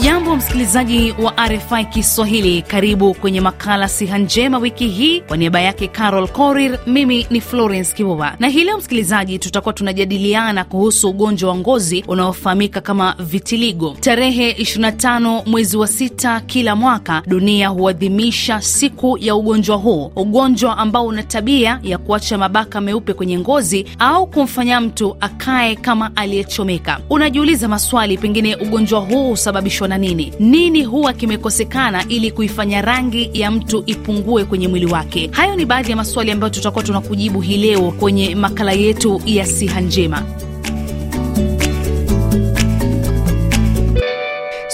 Ujambo hivyo msikilizaji wa RFI Kiswahili, karibu kwenye makala siha njema wiki hii. Kwa niaba yake Carol Korir, mimi ni Florence Kibuva na hii leo msikilizaji, tutakuwa tunajadiliana kuhusu ugonjwa wa ngozi unaofahamika kama vitiligo. Tarehe 25 mwezi wa sita kila mwaka dunia huadhimisha siku ya ugonjwa huu, ugonjwa ambao una tabia ya kuacha mabaka meupe kwenye ngozi au kumfanya mtu akae kama aliyechomeka. Unajiuliza maswali, pengine ugonjwa huu husababishwa na nini? nini? Nini huwa kimekosekana ili kuifanya rangi ya mtu ipungue kwenye mwili wake? Hayo ni baadhi ya maswali ambayo tutakuwa tunakujibu hii leo kwenye makala yetu ya Siha Njema.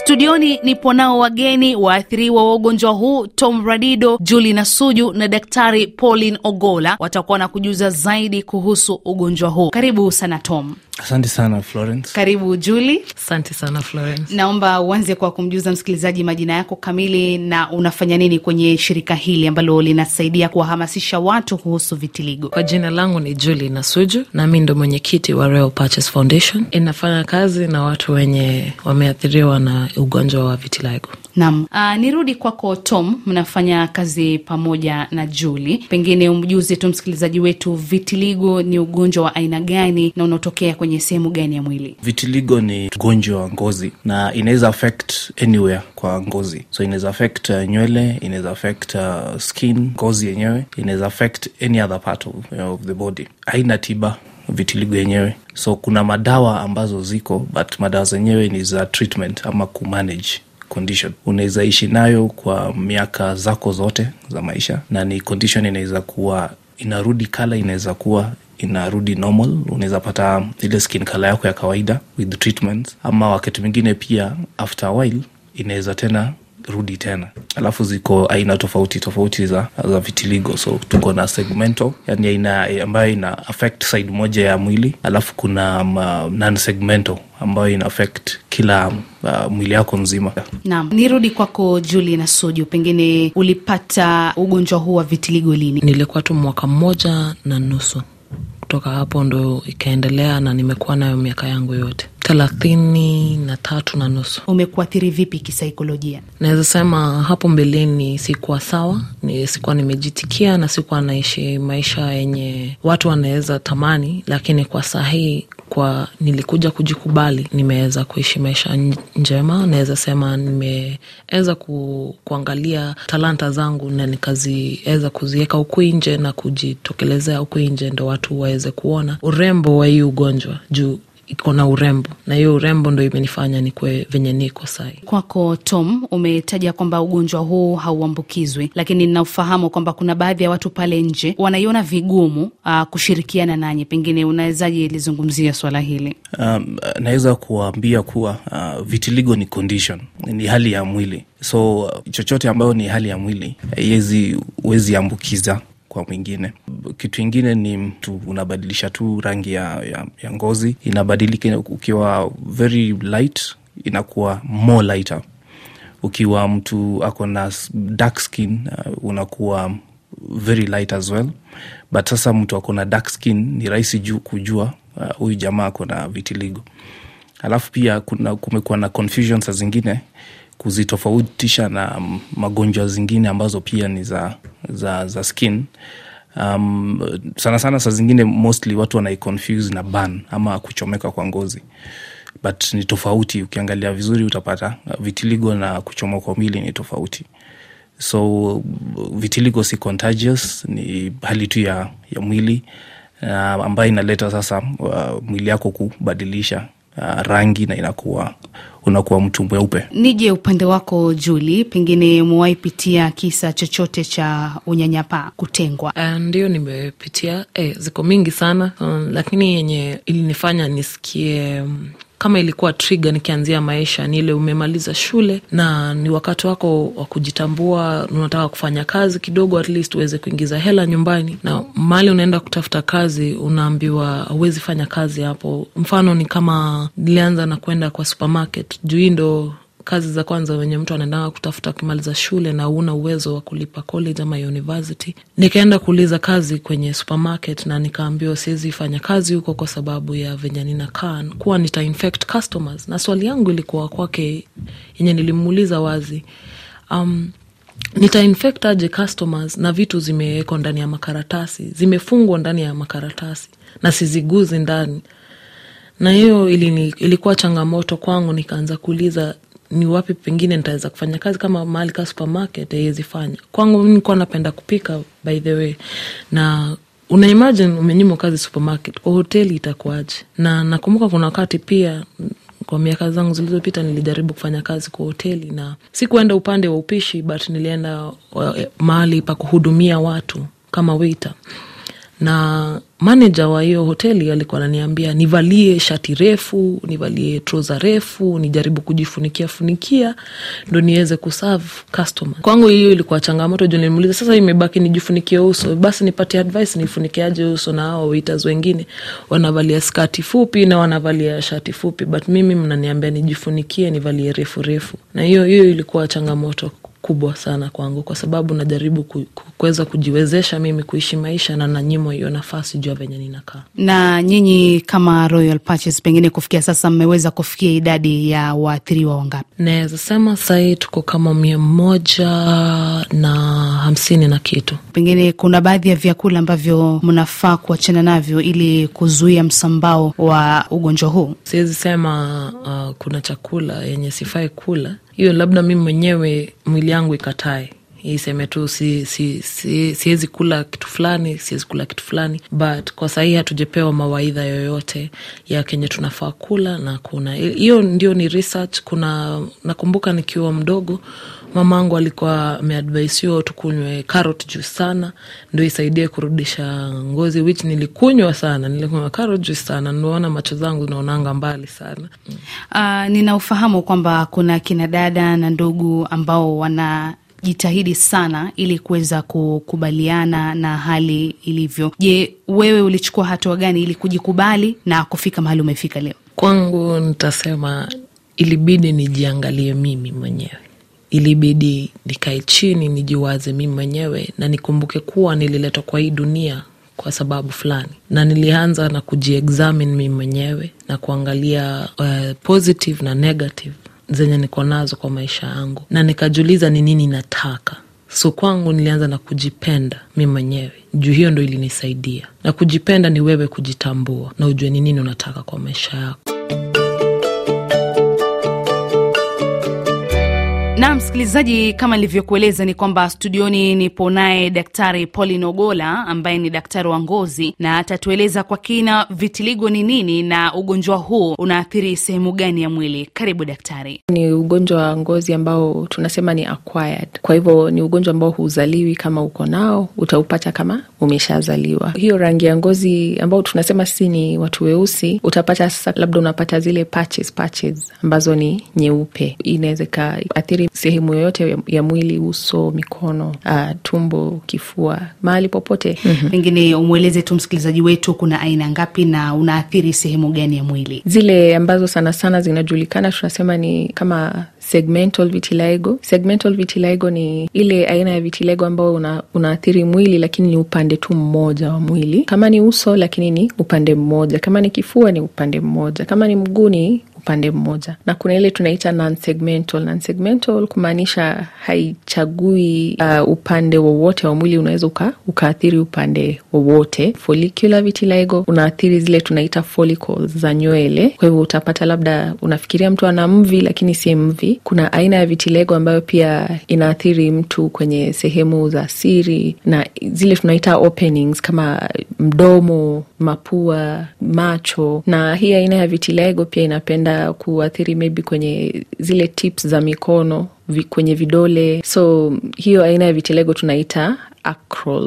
Studioni nipo nao wageni waathiriwa wa ugonjwa huu Tom Radido, Juli Nasuju na Daktari Pauline Ogola, watakuwa na kujuza zaidi kuhusu ugonjwa huu. Karibu sana Tom. Asante sana Florence. Karibu Juli. Asante sana Florence. Naomba uanze kwa kumjuza msikilizaji majina yako kamili na unafanya nini kwenye shirika hili ambalo linasaidia kuwahamasisha watu kuhusu vitiligo. Kwa jina langu ni Juli Nasuju na mi ndo mwenyekiti wa Patches Foundation. Inafanya kazi na watu wenye wameathiriwa na ugonjwa wa vitiligo. Naam. Uh, nirudi kwako Tom, mnafanya kazi pamoja na juli pengine umjuze tu msikilizaji wetu vitiligo ni ugonjwa wa aina gani na unaotokea kwenye sehemu gani ya mwili? Vitiligo ni ugonjwa wa ngozi na inaweza affect anywhere kwa ngozi, so inaweza affect uh, nywele, inaweza affect uh, skin, ngozi yenyewe, inaweza affect any other part of, you know, of the body. Haina tiba vitiligo yenyewe so kuna madawa ambazo ziko but madawa zenyewe ni za treatment ama kumanage condition unaweza ishi nayo kwa miaka zako zote za maisha na ni condition inaweza kuwa inarudi kala inaweza kuwa inarudi normal unaweza pata ile skin kala yako ya kawaida with treatment ama wakati mwingine pia after a while inaweza tena zirudi tena alafu ziko aina tofauti tofauti za, za vitiligo so tuko na segmental yani aina ambayo ina affect side moja ya mwili alafu kuna um, non ambayo ina affect kila uh, mwili yako mzima. Naam, nirudi kwako juli na soju pengine ulipata ugonjwa huu wa vitiligo lini? Nilikuwa tu mwaka mmoja na nusu kutoka hapo ndo ikaendelea na nimekuwa nayo miaka yangu yote thelathini na tatu na nusu. Umekuathiri vipi kisaikolojia? Naweza sema hapo mbeleni sikuwa sawa, ni sikuwa nimejitikia na sikuwa naishi maisha yenye watu wanaweza tamani, lakini kwa sahii kwa nilikuja kujikubali, nimeweza kuishi maisha njema. Naweza sema nimeweza ku, kuangalia talanta zangu na nikaziweza kuziweka huku nje na kujitokelezea huku nje, ndo watu waweze kuona urembo wa hii ugonjwa juu iko na urembo, na hiyo urembo ndo imenifanya nikwe venye niko sai. Kwako Tom, umetaja kwamba ugonjwa huu hauambukizwi, lakini naufahamu kwamba kuna baadhi ya watu pale nje wanaiona vigumu uh, kushirikiana nanye pengine unawezaji lizungumzia swala hili? Um, naweza kuwaambia kuwa uh, vitiligo ni condition, ni hali ya mwili so chochote ambayo ni hali ya mwili haiwezi huwezi ambukiza kwa mwingine. Kitu ingine ni mtu unabadilisha tu rangi ya, ya, ya ngozi inabadilika, ukiwa very light inakuwa more lighter. Ukiwa mtu ako na dark skin uh, unakuwa very light as well, but sasa mtu ako na dark skin ni rahisi juu kujua uh, huyu uh, jamaa ako na vitiligo. Alafu pia kuna kumekuwa na confusion saa zingine kuzitofautisha na magonjwa zingine ambazo pia ni za, za, za skin um, sana sana saa zingine mostly watu wanaiconfuse na ban ama kuchomeka kwa ngozi but ni tofauti ukiangalia vizuri utapata uh, vitiligo na kuchomwa kwa mwili ni tofauti so vitiligo si contagious ni hali tu ya, ya mwili uh, ambayo inaleta sasa uh, mwili yako kubadilisha Uh, rangi na inakuwa unakuwa mtu mweupe. Nije upande wako Juli, pengine umewahi pitia kisa chochote cha unyanyapaa, kutengwa? Uh, ndio nimepitia eh, ziko mingi sana um, lakini yenye ilinifanya nisikie um, kama ilikuwa trigger nikianzia maisha ni ile umemaliza shule na ni wakati wako wa kujitambua, unataka kufanya kazi kidogo, at least uweze kuingiza hela nyumbani, na mali unaenda kutafuta kazi unaambiwa huwezi fanya kazi hapo. Mfano ni kama nilianza na kwenda kwa supermarket juu hii ndo kazi za kwanza wenye mtu anaendanga kutafuta kimaliza shule na una uwezo wa kulipa college ama university. Nikaenda kuuliza kazi kwenye supermarket na nikaambiwa siwezi fanya kazi huko kwa sababu ya venye ninakaa kuwa nita infect customers, na swali yangu ilikuwa kwake yenye nilimuuliza wazi um, infect aje customers na vitu zimewekwa ndani ya makaratasi, zimefungwa ndani ya makaratasi na siziguzi ndani na hiyo ilikuwa changamoto kwangu. Nikaanza kuuliza ni wapi pengine nitaweza kufanya kazi kama mahali ka supermarket haiwezi fanya kwangu mi nikuwa napenda kupika by the way na unaimagine umenyuma kazi supermarket kwa hoteli itakuaje na nakumbuka kuna wakati pia kwa miaka zangu zilizopita nilijaribu kufanya kazi kwa hoteli na sikuenda upande wa upishi but nilienda eh, mahali pa kuhudumia watu kama waiter na manaja wa hiyo hoteli alikuwa ananiambia nivalie shati refu, nivalie troza refu, nijaribu kujifunikia funikia ndo niweze kuserve customer. Kwangu hiyo ilikuwa changamoto juu nilimuuliza, sasa imebaki nijifunikie uso, basi nipate advice nifunikiaje uso, na hao waiters wengine wanavalia skati fupi na wanavalia shati fupi, but mimi mnaniambia nijifunikie, nivalie refu refu, na hiyo hiyo ilikuwa changamoto kubwa sana kwangu, kwa sababu najaribu kuweza kujiwezesha mimi kuishi maisha na nanyimwa hiyo nafasi juu ya venye ninakaa. Na nyinyi kama Royal pengine kufikia sasa mmeweza kufikia idadi ya waathiriwa wangapi? Naweza sema sahii tuko kama mia moja na hamsini na kitu. Pengine kuna baadhi ya vyakula ambavyo mnafaa kuachana navyo ili kuzuia msambao wa ugonjwa huu? Siwezi sema uh, kuna chakula yenye sifai kula hiyo labda mi mwenyewe mwili yangu ikatae iseme tu si, si, si, siwezi kula kitu fulani siwezi kula kitu fulani but kwa sahii hatujepewa mawaidha yoyote ya kenye tunafaa kula na kuna hiyo ndio ni research kuna nakumbuka nikiwa mdogo mamangu alikuwa ameadvaisiwa tukunywe carrot juice sana ndo isaidie kurudisha ngozi which nilikunywa sana nilikunywa carrot juice sana naona macho zangu naonanga mbali sana mm. uh, ufahamu kwamba kuna kina dada na ndugu ambao wana jitahidi sana ili kuweza kukubaliana na hali ilivyo. Je, wewe ulichukua hatua gani ili kujikubali na kufika mahali umefika leo? Kwangu nitasema ilibidi nijiangalie mimi mwenyewe ilibidi nikae chini nijiwaze mimi mwenyewe na nikumbuke kuwa nililetwa kwa hii dunia kwa sababu fulani na nilianza na kujiexamine mimi mwenyewe na kuangalia uh, positive na negative zenye niko nazo kwa maisha yangu na nikajiuliza ni nini nataka so kwangu nilianza na kujipenda mi mwenyewe juu hiyo ndo ilinisaidia na kujipenda ni wewe kujitambua na ujue ni nini unataka kwa maisha yako Na msikilizaji, kama nilivyokueleza ni kwamba studioni nipo naye Daktari Pauline Nogola ambaye ni daktari wa ngozi na atatueleza kwa kina vitiligo ni nini na ugonjwa huu unaathiri sehemu gani ya mwili. Karibu daktari. Ni ugonjwa wa ngozi ambao tunasema ni acquired. Kwa hivyo ni ugonjwa ambao huzaliwi, kama uko nao utaupata kama umeshazaliwa. Hiyo rangi ya ngozi ambao tunasema sisi ni watu weusi, utapata sasa, labda unapata zile patches, patches ambazo ni nyeupe, inaweza ikaathiri sehemu yoyote ya, ya mwili, uso, mikono, uh, tumbo, kifua, mahali popote. Mhm. Pengine mm -hmm. umweleze tu msikilizaji wetu kuna aina ngapi na unaathiri sehemu gani ya mwili? Zile ambazo sana sana zinajulikana tunasema ni kama segmental vitiligo. Segmental vitiligo ni ile aina ya vitiligo ambayo una, unaathiri mwili lakini ni upande tu mmoja wa mwili. Kama ni uso, lakini ni upande mmoja. Kama ni kifua, ni upande mmoja. Kama ni mguu, ni upande mmoja, na kuna ile tunaita non-segmental. Non-segmental kumaanisha haichagui uh, upande wowote wa mwili, unaweza ukaathiri upande wowote. Follicular vitiligo unaathiri zile tunaita follicles za nywele. Kwa hivyo utapata labda unafikiria mtu ana mvi, lakini si mvi. Kuna aina ya vitiligo ambayo pia inaathiri mtu kwenye sehemu za siri na zile tunaita openings kama mdomo, mapua macho, na hii aina ya vitilego pia inapenda kuathiri maybe kwenye zile tips za mikono kwenye vidole, so hiyo aina ya vitilego tunaita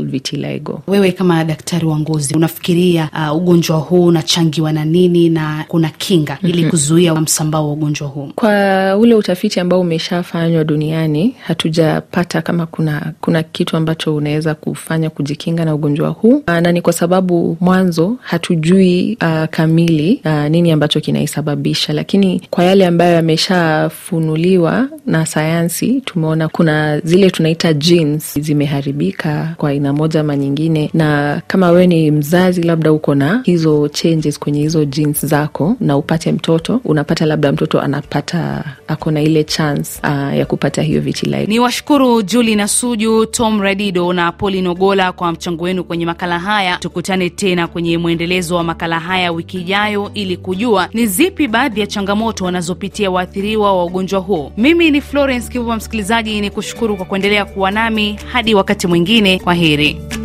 vitiligo. Wewe kama daktari wa ngozi unafikiria uh, ugonjwa huu unachangiwa na nini na kuna kinga mhm. ili kuzuia msambao wa ugonjwa huu? Kwa ule utafiti ambao umeshafanywa duniani hatujapata kama kuna, kuna kitu ambacho unaweza kufanya kujikinga na ugonjwa huu, uh, na ni kwa sababu mwanzo hatujui uh, kamili uh, nini ambacho kinaisababisha, lakini kwa yale ambayo yameshafunuliwa na sayansi tumeona kuna zile tunaita genes zimeharibika kutoka kwa aina moja ama nyingine, na kama wewe ni mzazi, labda uko na hizo changes kwenye hizo genes zako na upate mtoto, unapata labda mtoto anapata ako na ile chance uh, ya kupata hiyo vitiligo. Ni washukuru Juli na Suju, Tom Redido na Poli Nogola kwa mchango wenu kwenye makala haya. Tukutane tena kwenye mwendelezo wa makala haya wiki ijayo ili kujua ni zipi baadhi ya changamoto wanazopitia waathiriwa wa ugonjwa huo. Mimi ni Florence Kivuva, msikilizaji ni kushukuru kwa kuendelea kuwa nami hadi wakati mwingine mwingine. Kwa heri.